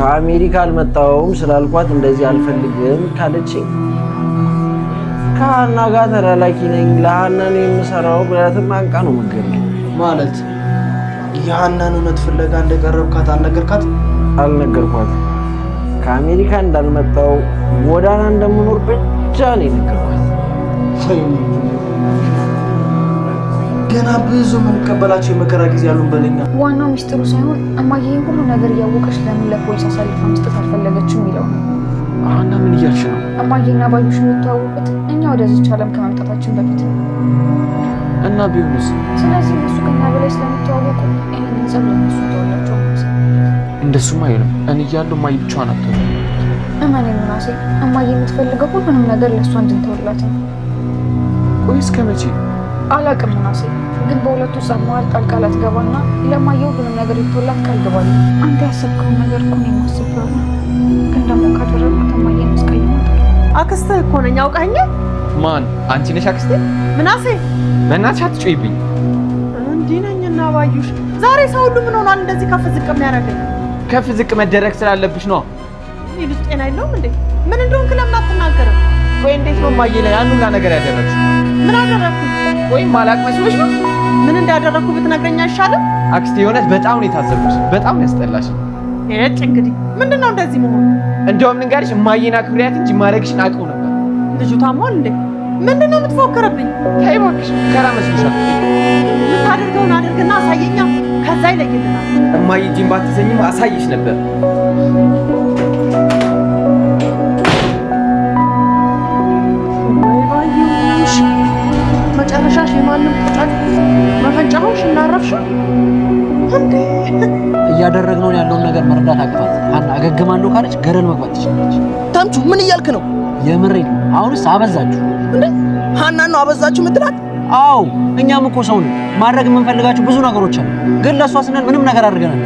ከአሜሪካ አልመጣውም ስላልኳት እንደዚህ አልፈልግም ካለችኝ ከሀና ጋር ተላላኪ ነኝ ለሀና ነው የምሰራው ብላትም አንቃ ነው መገኘ ማለት የሀናን እውነት ፍለጋ እንደቀረብካት አልነገርካት? አልነገርኳት። ከአሜሪካ እንዳልመጣው ጎዳና እንደምኖር ብቻ ነው የነገርኳት። ገና ብዙ የምንቀበላቸው የመከራ ጊዜ አሉን በለኛ። ዋናው ሚስጥሩ ሳይሆን እማዬ ሁሉ ነገር እያወቀች ለምን ለፖሊስ አሳልፋ መስጠት አልፈለገችም የሚለው ነው። እና ምን እያልሽ ነው? እማዬና ባዩሽ የሚተዋወቁት እኛ ወደዚች ዓለም ከመምጣታችን በፊት ነው። እና ቢሆንስ? ስለዚህ እነሱ ከኛ በላይ ስለሚተዋወቁ ይህንን ጸብ ለነሱ ተወላቸው። እንደሱም አይሆንም። እኔ እያለሁ እማዬ ብቻዋን አትሆንም። እመኔ ምናሴ እማዬ የምትፈልገው ሁሉንም ነገር ለእሷ እንድንተውላት ነው። ቆይ እስከ መቼ? አላቅም ምናሴ ግን በሁለቱ ሰማዋል ጣልቃ ላትገባና ለማየው ብንም ነገር ይቶላት ካልገባል አንተ ያሰብከውን ነገር እኮ ነው የማስበው። ግን ደግሞ ካደረግኩት እማዬን አስቀይማታለሁ። አክስትህ እኮ ነኝ አውቃኛል። ማን? አንቺ ነሽ አክስቴ? ምናሴ በእናትሽ አትጩይብኝ። እንዲህ ነኝ ባዩሽ፣ ዛሬ ሰው ሁሉ ምን ሆኗል እንደዚህ ከፍ ዝቅ የሚያደርገኝ? ከፍ ዝቅ መደረግ ስላለብሽ ነው። ይህ ልጅ ጤና የለውም እንዴ? ምን እንደሆንክ ለምን አትናገርም? ወይ እንዴት ነው እማዬ ላይ ያን ነገር ያደረግሽው? ምን አደረግኩ? ወይም ማላቅ መስሎሽ ነው? ምን እንዳደረግኩ ብትነግረኝ አይሻልም? አክስቴ የሆነት በጣም ነው የታዘብኩሽ። በጣም ነው ያስጠላሽ። እጭ እንግዲህ ምንድን ነው እንደዚህ መሆኑ? እንደውም ንገርሽ እማዬን አክብሪያት እንጂ ማድረግሽን አውቀው ነበር። ልጁ ታሟል እንዴ? ምንድን ነው የምትፎክርብኝ? ተይ እባክሽ፣ ከራ መስሎሻል። የምታደርገውን አድርግና አሳየኛ፣ ከዛ ይለይልናል። እማዬ እጄን ባትይዘኝም አሳይሽ ነበር። አገማለሁ ካለች ገረል መግባት ትችላለች። ተምቹ ምን እያልክ ነው? የምሬ ነው። አሁንስ አበዛችሁ እንዴ? ሀናን ነው አበዛችሁ ምትላት? አዎ እኛም እኮ ሰው ነው። ማድረግ የምንፈልጋቸው ብዙ ነገሮች አሉ፣ ግን ለእሷ ስንል ምንም ነገር አድርገናል።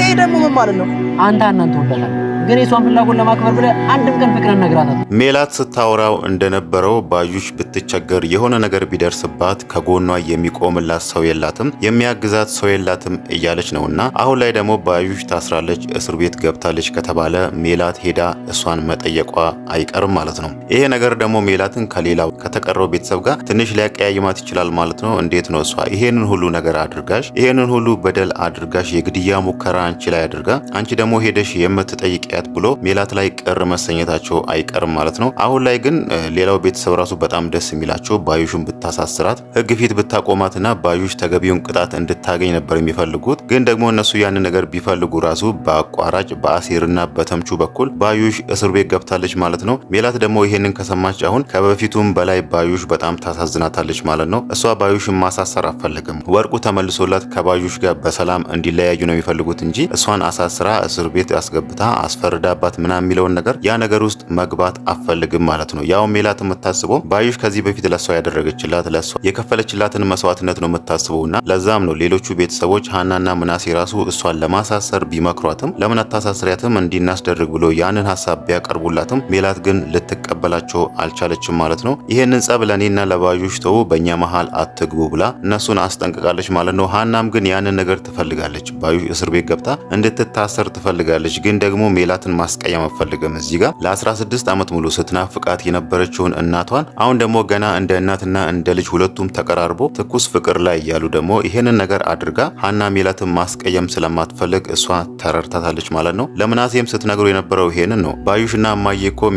ይሄ ደግሞ ምን ማለት ነው? አንተ ሀናን ትወዳታለህ ግን የሷን ፍላጎት ለማክበር ብለ አንድም ቀን ፍቅርን ነግራናት። ሜላት ስታወራው እንደነበረው ባዩሽ ብትቸገር የሆነ ነገር ቢደርስባት ከጎኗ የሚቆምላት ሰው የላትም፣ የሚያግዛት ሰው የላትም እያለች ነው እና አሁን ላይ ደግሞ ባዩሽ ታስራለች፣ እስር ቤት ገብታለች ከተባለ ሜላት ሄዳ እሷን መጠየቋ አይቀርም ማለት ነው። ይሄ ነገር ደግሞ ሜላትን ከሌላው ከተቀረው ቤተሰብ ጋር ትንሽ ሊያቀያይማት ይችላል ማለት ነው። እንዴት ነው እሷ ይሄንን ሁሉ ነገር አድርጋሽ ይሄንን ሁሉ በደል አድርጋሽ የግድያ ሙከራ አንቺ ላይ አድርጋ አንቺ ደግሞ ሄደሽ የምትጠይቅ ኃጢአት ብሎ ሜላት ላይ ቅር መሰኘታቸው አይቀርም ማለት ነው። አሁን ላይ ግን ሌላው ቤተሰብ ራሱ በጣም ደስ የሚላቸው ባዩሽን ብታሳስራት ህግ ፊት ብታቆማትና ባዩሽ ተገቢውን ቅጣት እንድታገኝ ነበር የሚፈልጉት። ግን ደግሞ እነሱ ያንን ነገር ቢፈልጉ ራሱ በአቋራጭ በአሴርና በተምቹ በኩል ባዩሽ እስር ቤት ገብታለች ማለት ነው። ሜላት ደግሞ ይሄንን ከሰማች አሁን ከበፊቱም በላይ ባዩሽ በጣም ታሳዝናታለች ማለት ነው። እሷ ባዩሽን ማሳሰር አፈልግም ወርቁ ተመልሶላት ከባዩሽ ጋር በሰላም እንዲለያዩ ነው የሚፈልጉት እንጂ እሷን አሳስራ እስር ቤት አስገብታ አስፈርዳባት ምና የሚለውን ነገር ያ ነገር ውስጥ መግባት አፈልግም ማለት ነው። ያው ሜላት የምታስበው ባዩሽ ከዚህ በፊት ለሷ ያደረገችላት ለሷ የከፈለችላትን መስዋዕትነት ነው የምታስበው እና ለዛም ነው ሌሎቹ ቤተሰቦች ሀናና ምናሴ ራሱ እሷን ለማሳሰር ቢመክሯትም ለምን አታሳስሪያትም እንዲናስደርግ ብሎ ያንን ሀሳብ ቢያቀርቡላትም ሜላት ግን ልትቀበላቸው አልቻለችም ማለት ነው። ይህንን ጸብ ለእኔና ለባዩሽ ተው፣ በእኛ መሀል አትግቡ ብላ እነሱን አስጠንቅቃለች ማለት ነው። ሀናም ግን ያንን ነገር ትፈልጋለች። ባዩሽ እስር ቤት ገብታ እንድትታሰር ትፈልጋለች። ግን ደግሞ ሌላትን ማስቀየም አልፈልግም። እዚህ ጋር ለ16 ዓመት ሙሉ ስትናፍቃት የነበረችውን እናቷን አሁን ደግሞ ገና እንደ እናትና እንደ ልጅ ሁለቱም ተቀራርቦ ትኩስ ፍቅር ላይ እያሉ ደግሞ ይሄንን ነገር አድርጋ ሀና ሜላትን ማስቀየም ስለማትፈልግ እሷ ተረድታታለች ማለት ነው። ለምናሴም ስትነግሩ የነበረው ይሄንን ነው። ባዩሽና እማዬ እኮ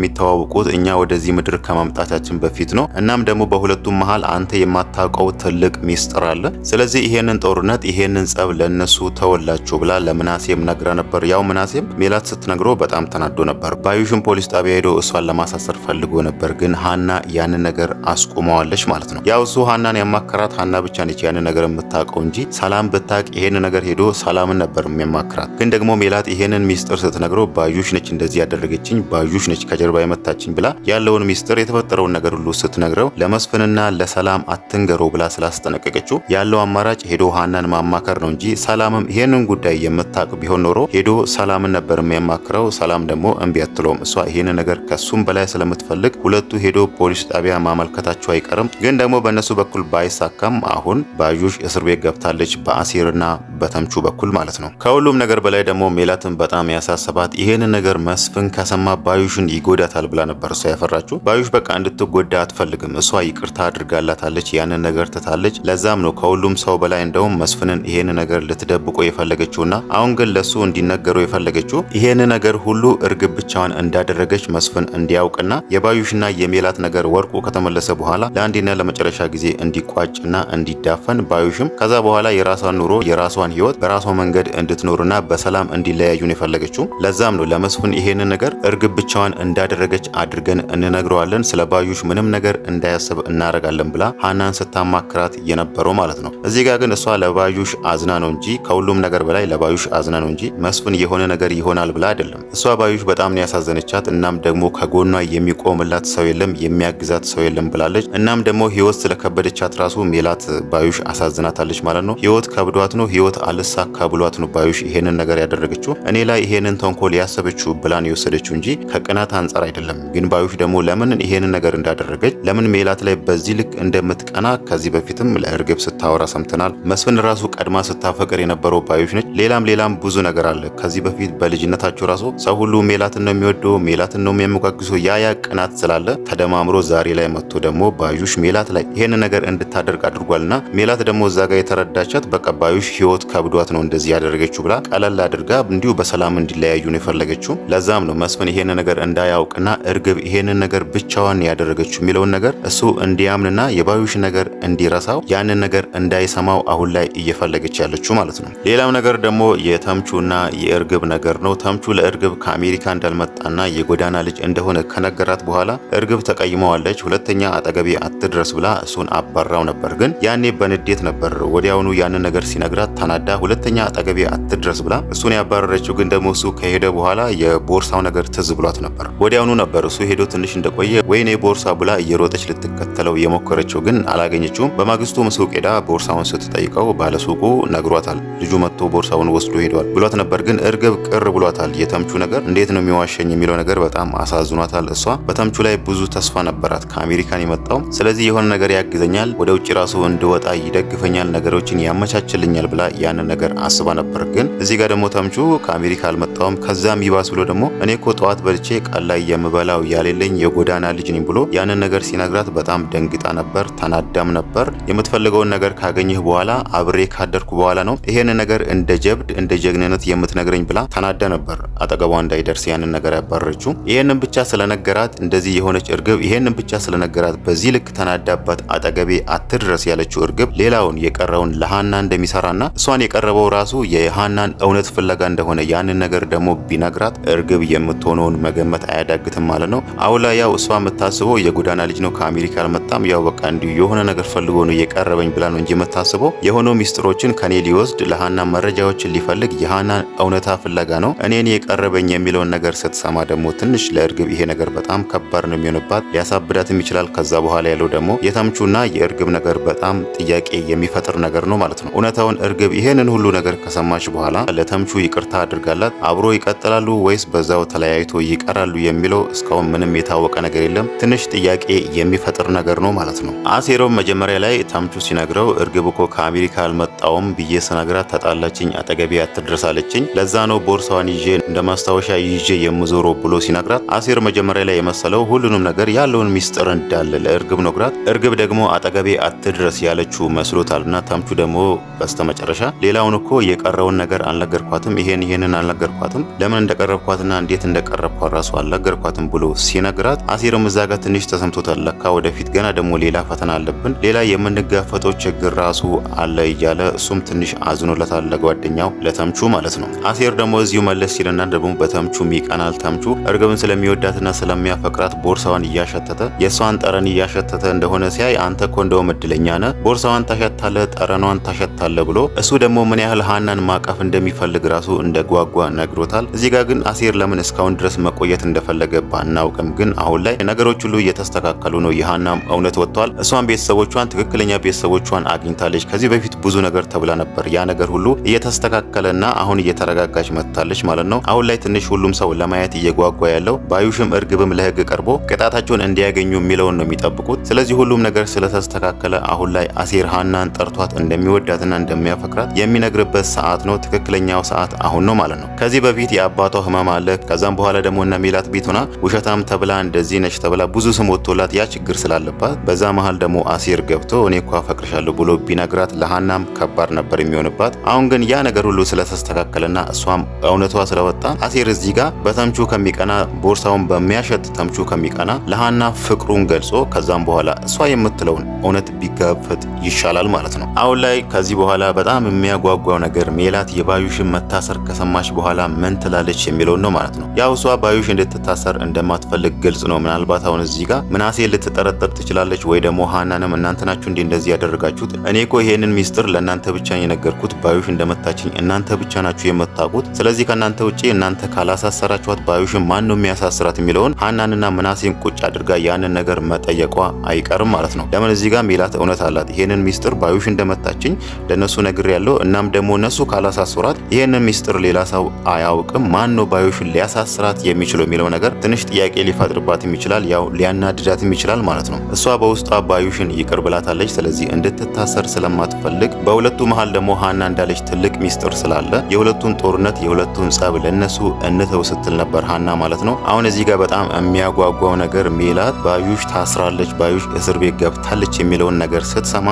እኛ ወደዚህ ምድር ከማምጣታችን በፊት ነው። እናም ደግሞ በሁለቱም መሀል አንተ የማታውቀው ትልቅ ሚስጥር አለ። ስለዚህ ይሄንን ጦርነት ይሄንን ጸብ ለእነሱ ተወላችሁ ብላ ለምናሴም ነግራ ነበር። ያው ምናሴም ሜላት ስትነግሩ ነግሮ በጣም ተናዶ ነበር። ባዩሽን ፖሊስ ጣቢያ ሄዶ እሷን ለማሳሰር ፈልጎ ነበር፣ ግን ሀና ያንን ነገር አስቁመዋለች ማለት ነው። ያው እሱ ሀናን ያማከራት ሀና ብቻ ነች ያንን ነገር የምታውቀው እንጂ ሰላም ብታቅ ይሄን ነገር ሄዶ ሰላምን ነበር የሚያማክራት። ግን ደግሞ ሜላት ይሄንን ሚስጥር ስትነግረው ባዩሽ ነች እንደዚህ ያደረገችኝ፣ ባዩሽ ነች ከጀርባ የመታችኝ ብላ ያለውን ሚስጥር የተፈጠረውን ነገር ሁሉ ስትነግረው ለመስፍንና ለሰላም አትንገረው ብላ ስላስጠነቀቀችው ያለው አማራጭ ሄዶ ሀናን ማማከር ነው እንጂ ሰላምም ይሄንን ጉዳይ የምታውቅ ቢሆን ኖሮ ሄዶ ሰላምን ነበር የሚያማክረው ስትመክረው ሰላም ደግሞ እምቢ አትለውም። እሷ ይህን ነገር ከሱም በላይ ስለምትፈልግ ሁለቱ ሄዶ ፖሊስ ጣቢያ ማመልከታቸው አይቀርም። ግን ደግሞ በእነሱ በኩል ባይሳካም አሁን ባዩሽ እስር ቤት ገብታለች፣ በአሲርና በተምቹ በኩል ማለት ነው። ከሁሉም ነገር በላይ ደግሞ ሜላትን በጣም ያሳሰባት ይህን ነገር መስፍን ከሰማ ባዩሽን ይጎዳታል ብላ ነበር እሷ ያፈራችው። ባዩሽ በቃ እንድትጎዳ አትፈልግም። እሷ ይቅርታ አድርጋላታለች፣ ያንን ነገር ትታለች። ለዛም ነው ከሁሉም ሰው በላይ እንደውም መስፍንን ይሄን ነገር ልትደብቆ የፈለገችውና አሁን ግን ለሱ እንዲነገሩ የፈለገችው ይሄን ነገር ሁሉ እርግብ ብቻዋን እንዳደረገች መስፍን እንዲያውቅና የባዩሽና የሜላት ነገር ወርቁ ከተመለሰ በኋላ ለአንዴና ለመጨረሻ ጊዜ እንዲቋጭና እንዲዳፈን ባዩሽም ከዛ በኋላ የራሷን ኑሮ የራሷን ህይወት በራሷ መንገድ እንድትኖርና በሰላም እንዲለያዩ ነው የፈለገችው። ለዛም ነው ለመስፍን ይሄንን ነገር እርግብ ብቻዋን እንዳደረገች አድርገን እንነግረዋለን፣ ስለ ባዩሽ ምንም ነገር እንዳያስብ እናደርጋለን ብላ ሀናን ስታማክራት የነበረው ማለት ነው። እዚህ ጋር ግን እሷ ለባዩሽ አዝና ነው እንጂ ከሁሉም ነገር በላይ ለባዩሽ አዝና ነው እንጂ መስፍን የሆነ ነገር ይሆናል ብላ አይደለም። አይደለም። እሷ ባዩሽ በጣም ነው ያሳዘነቻት። እናም ደግሞ ከጎኗ የሚቆምላት ሰው የለም፣ የሚያግዛት ሰው የለም ብላለች። እናም ደግሞ ህይወት ስለከበደቻት ራሱ ሜላት ባዩሽ አሳዝናታለች ማለት ነው። ህይወት ከብዷት ነው፣ ህይወት አልሳካ ብሏት ነው ባዩሽ ይሄንን ነገር ያደረገችው። እኔ ላይ ይሄንን ተንኮል ያሰበችው ብላን የወሰደችው እንጂ ከቅናት አንጻር አይደለም። ግን ባዩሽ ደግሞ ለምን ይሄንን ነገር እንዳደረገች ለምን ሜላት ላይ በዚህ ልክ እንደምትቀና ከዚህ በፊትም ለእርግብ ስታወራ ሰምተናል። መስፍን ራሱ ቀድማ ስታፈቅር የነበረው ባዩሽ ነች። ሌላም ሌላም ብዙ ነገር አለ። ከዚህ በፊት በልጅነታቸው ራሱ ተያይዞ ሰው ሁሉ ሜላትን ነው የሚወደው፣ ሜላትን ነው የሚያመጓግሰው። ያ ያ ቅናት ስላለ ተደማምሮ ዛሬ ላይ መጥቶ ደግሞ ባዩሽ ሜላት ላይ ይሄን ነገር እንድታደርግ አድርጓልና ሜላት ደግሞ እዛ ጋር የተረዳቻት በቃ ባዩሽ ህይወት ከብዷት ነው እንደዚህ ያደረገችው ብላ ቀለል አድርጋ እንዲሁ በሰላም እንዲለያዩ ነው የፈለገችው። ለዛም ነው መስፍን ይሄን ነገር እንዳያውቅና እርግብ ይሄንን ነገር ብቻዋን ያደረገችው የሚለውን ነገር እሱ እንዲያምንና የባዩሽ ነገር እንዲረሳው ያንን ነገር እንዳይሰማው አሁን ላይ እየፈለገች ያለችው ማለት ነው። ሌላው ነገር ደግሞ የተምቹና የእርግብ ነገር ነው። ተምቹ እርግብ ከአሜሪካ እንዳልመጣና የጎዳና ልጅ እንደሆነ ከነገራት በኋላ እርግብ ተቀይመዋለች። ሁለተኛ አጠገቤ አትድረስ ብላ እሱን አባራው ነበር። ግን ያኔ በንዴት ነበር። ወዲያውኑ ያንን ነገር ሲነግራት ተናዳ ሁለተኛ አጠገቤ አትድረስ ብላ እሱን ያባረረችው። ግን ደግሞ እሱ ከሄደ በኋላ የቦርሳው ነገር ትዝ ብሏት ነበር። ወዲያውኑ ነበር እሱ ሄዶ ትንሽ እንደቆየ ወይኔ ቦርሳ ብላ እየሮጠች ልትከተለው የሞከረችው፣ ግን አላገኘችውም። በማግስቱ ምሱቅ ሄዳ ቦርሳውን ስትጠይቀው ባለሱቁ ነግሯታል። ልጁ መጥቶ ቦርሳውን ወስዶ ሄዷል ብሏት ነበር። ግን እርግብ ቅር ብሏታል። ተምቹ ነገር እንዴት ነው የሚዋሸኝ የሚለው ነገር በጣም አሳዝኗታል። እሷ በተምቹ ላይ ብዙ ተስፋ ነበራት ከአሜሪካን የመጣው ስለዚህ የሆነ ነገር ያግዘኛል፣ ወደ ውጭ ራሱ እንድወጣ ይደግፈኛል፣ ነገሮችን ያመቻችልኛል ብላ ያንን ነገር አስባ ነበር። ግን እዚህ ጋር ደግሞ ተምቹ ከአሜሪካ አልመጣውም። ከዛም ይባስ ብሎ ደግሞ እኔ እኮ ጠዋት በልቼ ቃል ላይ የምበላው ያሌለኝ የጎዳና ልጅ ነኝ ብሎ ያንን ነገር ሲነግራት በጣም ደንግጣ ነበር፣ ተናዳም ነበር። የምትፈልገውን ነገር ካገኘህ በኋላ አብሬ ካደርኩ በኋላ ነው ይሄን ነገር እንደ ጀብድ እንደ ጀግንነት የምትነግረኝ ብላ ተናዳ ነበር። አጠገቧ እንዳይደርስ ያንን ነገር ያባረረችው። ይሄንን ብቻ ስለነገራት እንደዚህ የሆነች እርግብ ይሄንን ብቻ ስለነገራት በዚህ ልክ ተናዳባት አጠገቤ አትድረስ ያለችው እርግብ ሌላውን የቀረውን ለሀና እንደሚሰራና እሷን የቀረበው ራሱ የሀናን እውነት ፍለጋ እንደሆነ ያንን ነገር ደግሞ ቢነግራት እርግብ የምትሆነውን መገመት አያዳግትም ማለት ነው። አሁን ላይ ያው እሷ የምታስበው የጎዳና ልጅ ነው ከአሜሪካ አልመጣም ያው በቃ እንዲሁ የሆነ ነገር ፈልጎ ነው የቀረበኝ ብላ ነው እንጂ የምታስበው የሆነው ሚስጥሮችን ከኔ ሊወስድ ለሀና መረጃዎችን ሊፈልግ የሀናን እውነታ ፍለጋ ነው እኔን ቀረበኝ የሚለውን ነገር ስትሰማ ደግሞ ትንሽ ለእርግብ ይሄ ነገር በጣም ከባድ ነው የሚሆንባት፣ ሊያሳብዳትም ይችላል። ከዛ በኋላ ያለው ደግሞ የተምቹና የእርግብ ነገር በጣም ጥያቄ የሚፈጥር ነገር ነው ማለት ነው። እውነታውን እርግብ ይሄንን ሁሉ ነገር ከሰማች በኋላ ለተምቹ ይቅርታ አድርጋላት አብሮ ይቀጥላሉ ወይስ በዛው ተለያይቶ ይቀራሉ የሚለው እስካሁን ምንም የታወቀ ነገር የለም። ትንሽ ጥያቄ የሚፈጥር ነገር ነው ማለት ነው። አሴሮም መጀመሪያ ላይ ተምቹ ሲነግረው እርግብ እኮ ከአሜሪካ አልመጣውም ብዬ ስነግራት ተጣላችኝ፣ አጠገቤ አትድረሳለችኝ ለዛ ነው ቦርሳዋን ይዤ እንደ ለማስታወሻ ይዤ የምዞሮ ብሎ ሲነግራት አሴር መጀመሪያ ላይ የመሰለው ሁሉንም ነገር ያለውን ሚስጥር እንዳለ ለእርግብ ነግራት፣ እርግብ ደግሞ አጠገቤ አትድረስ ያለችው መስሎታልና ተምቹ ደግሞ በስተመጨረሻ ሌላውን እኮ የቀረውን ነገር አልነገርኳትም፣ ይሄን ይሄንን አልነገርኳትም፣ ለምን እንደቀረብኳትና እንዴት እንደቀረብኳት ራሱ አልነገርኳትም ብሎ ሲነግራት አሴርም እዛ ጋር ትንሽ ተሰምቶታል። ለካ ወደፊት ገና ደግሞ ሌላ ፈተና አለብን፣ ሌላ የምንጋፈጠው ችግር ራሱ አለ እያለ እሱም ትንሽ አዝኖለታል፣ ለጓደኛው ለተምቹ ማለት ነው። አሴር ደግሞ እዚሁ መለስ ሲልና ደግሞ በተምቹም ይቀናል። ተምቹ እርግብን ስለሚወዳትና ስለሚያፈቅራት ቦርሳዋን እያሸተተ የእሷን ጠረን እያሸተተ እንደሆነ ሲያይ አንተ እኮ እንደውም እድለኛ ነህ፣ ቦርሳዋን ታሸታለ፣ ጠረኗን ታሸታለ ብሎ እሱ ደግሞ ምን ያህል ሀናን ማቀፍ እንደሚፈልግ ራሱ እንደጓጓ ነግሮታል። እዚህ ጋር ግን አሴር ለምን እስካሁን ድረስ መቆየት እንደፈለገ ባናውቅም ግን አሁን ላይ ነገሮች ሁሉ እየተስተካከሉ ነው። የሀናም እውነት ወጥቷል። እሷን ቤተሰቦቿን ትክክለኛ ቤተሰቦቿን አግኝታለች። ከዚህ በፊት ብዙ ነገር ተብላ ነበር። ያ ነገር ሁሉ እየተስተካከለና አሁን እየተረጋጋች መጥታለች ማለት ነው። አሁን አሁን ላይ ትንሽ ሁሉም ሰው ለማየት እየጓጓ ያለው ባዩሽም እርግብም ለህግ ቀርቦ ቅጣታቸውን እንዲያገኙ የሚለውን ነው የሚጠብቁት። ስለዚህ ሁሉም ነገር ስለተስተካከለ አሁን ላይ አሴር ሀናን ጠርቷት እንደሚወዳትና እንደሚያፈቅራት የሚነግርበት ሰዓት ነው። ትክክለኛው ሰዓት አሁን ነው ማለት ነው። ከዚህ በፊት የአባቷ ህመም አለ። ከዛም በኋላ ደግሞ እነ ሚላት ቤት ሆና ውሸታም ተብላ እንደዚህ ነች ተብላ ብዙ ስም ወጥቶላት ያ ችግር ስላለባት በዛ መሀል ደግሞ አሴር ገብቶ እኔ እኮ አፈቅርሻለሁ ብሎ ቢነግራት ለሀናም ከባድ ነበር የሚሆንባት። አሁን ግን ያ ነገር ሁሉ ስለተስተካከለና እሷም እውነቷ ስለወጣ አሴር እዚህ ጋር በተምቹ ከሚቀና ቦርሳውን በሚያሸት ተምቹ ከሚቀና ለሀና ፍቅሩን ገልጾ ከዛም በኋላ እሷ የምትለውን እውነት ቢጋፈጥ ይሻላል ማለት ነው። አሁን ላይ ከዚህ በኋላ በጣም የሚያጓጓው ነገር ሜላት የባዩሽን መታሰር ከሰማች በኋላ ምን ትላለች የሚለውን ነው ማለት ነው። ያው እሷ ባዩሽ እንድትታሰር እንደማትፈልግ ግልጽ ነው። ምናልባት አሁን እዚህ ጋር ምናሴ ልትጠረጠር ትችላለች፣ ወይ ደግሞ ሃናንም እናንተ ናችሁ እንዲ እንደዚህ ያደረጋችሁት፣ እኔ እኮ ይሄንን ሚስጥር ለእናንተ ብቻ የነገርኩት ባዩሽ እንደመታችኝ እናንተ ብቻ ናችሁ የምታውቁት፣ ስለዚህ ከእናንተ ውጭ እናንተ ካላሳሰራችኋት ባዩሽን ማን ነው የሚያሳስራት የሚለውን ሀናንና ምናሴን ቁጭ አድርጋ ያንን ነገር መጠየቋ አይቀርም ማለት ነው። ለምን እዚህ ጋር ሜላት እውነት አላት። ይሄንን ሚስጥር ባዩሽ እንደመታችኝ ለነሱ ነግር ያለው እናም ደግሞ እነሱ ካላሳስራት ይሄንን ሚስጥር ሌላ ሰው አያውቅም። ማን ነው ባዩሽን ሊያሳስራት የሚችለው የሚለው ነገር ትንሽ ጥያቄ ሊፈጥርባትም ይችላል፣ ያው ሊያናድዳትም ይችላል ማለት ነው። እሷ በውስጧ ባዩሽን ይቅር ብላታለች። ስለዚህ እንድትታሰር ስለማትፈልግ በሁለቱ መሀል ደግሞ ሀና እንዳለች ትልቅ ሚስጥር ስላለ የሁለቱን ጦርነት የሁለቱን ጸብ ለነሱ እነሱ እንተው ስትል ነበር ሀና ማለት ነው። አሁን እዚህ ጋር በጣም የሚያጓጓው ነገር ሜላት ባዩሽ ታስራለች፣ ባዩሽ እስር ቤት ገብታለች የሚለውን ነገር ስትሰማ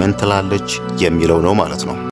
ምን ትላለች የሚለው ነው ማለት ነው።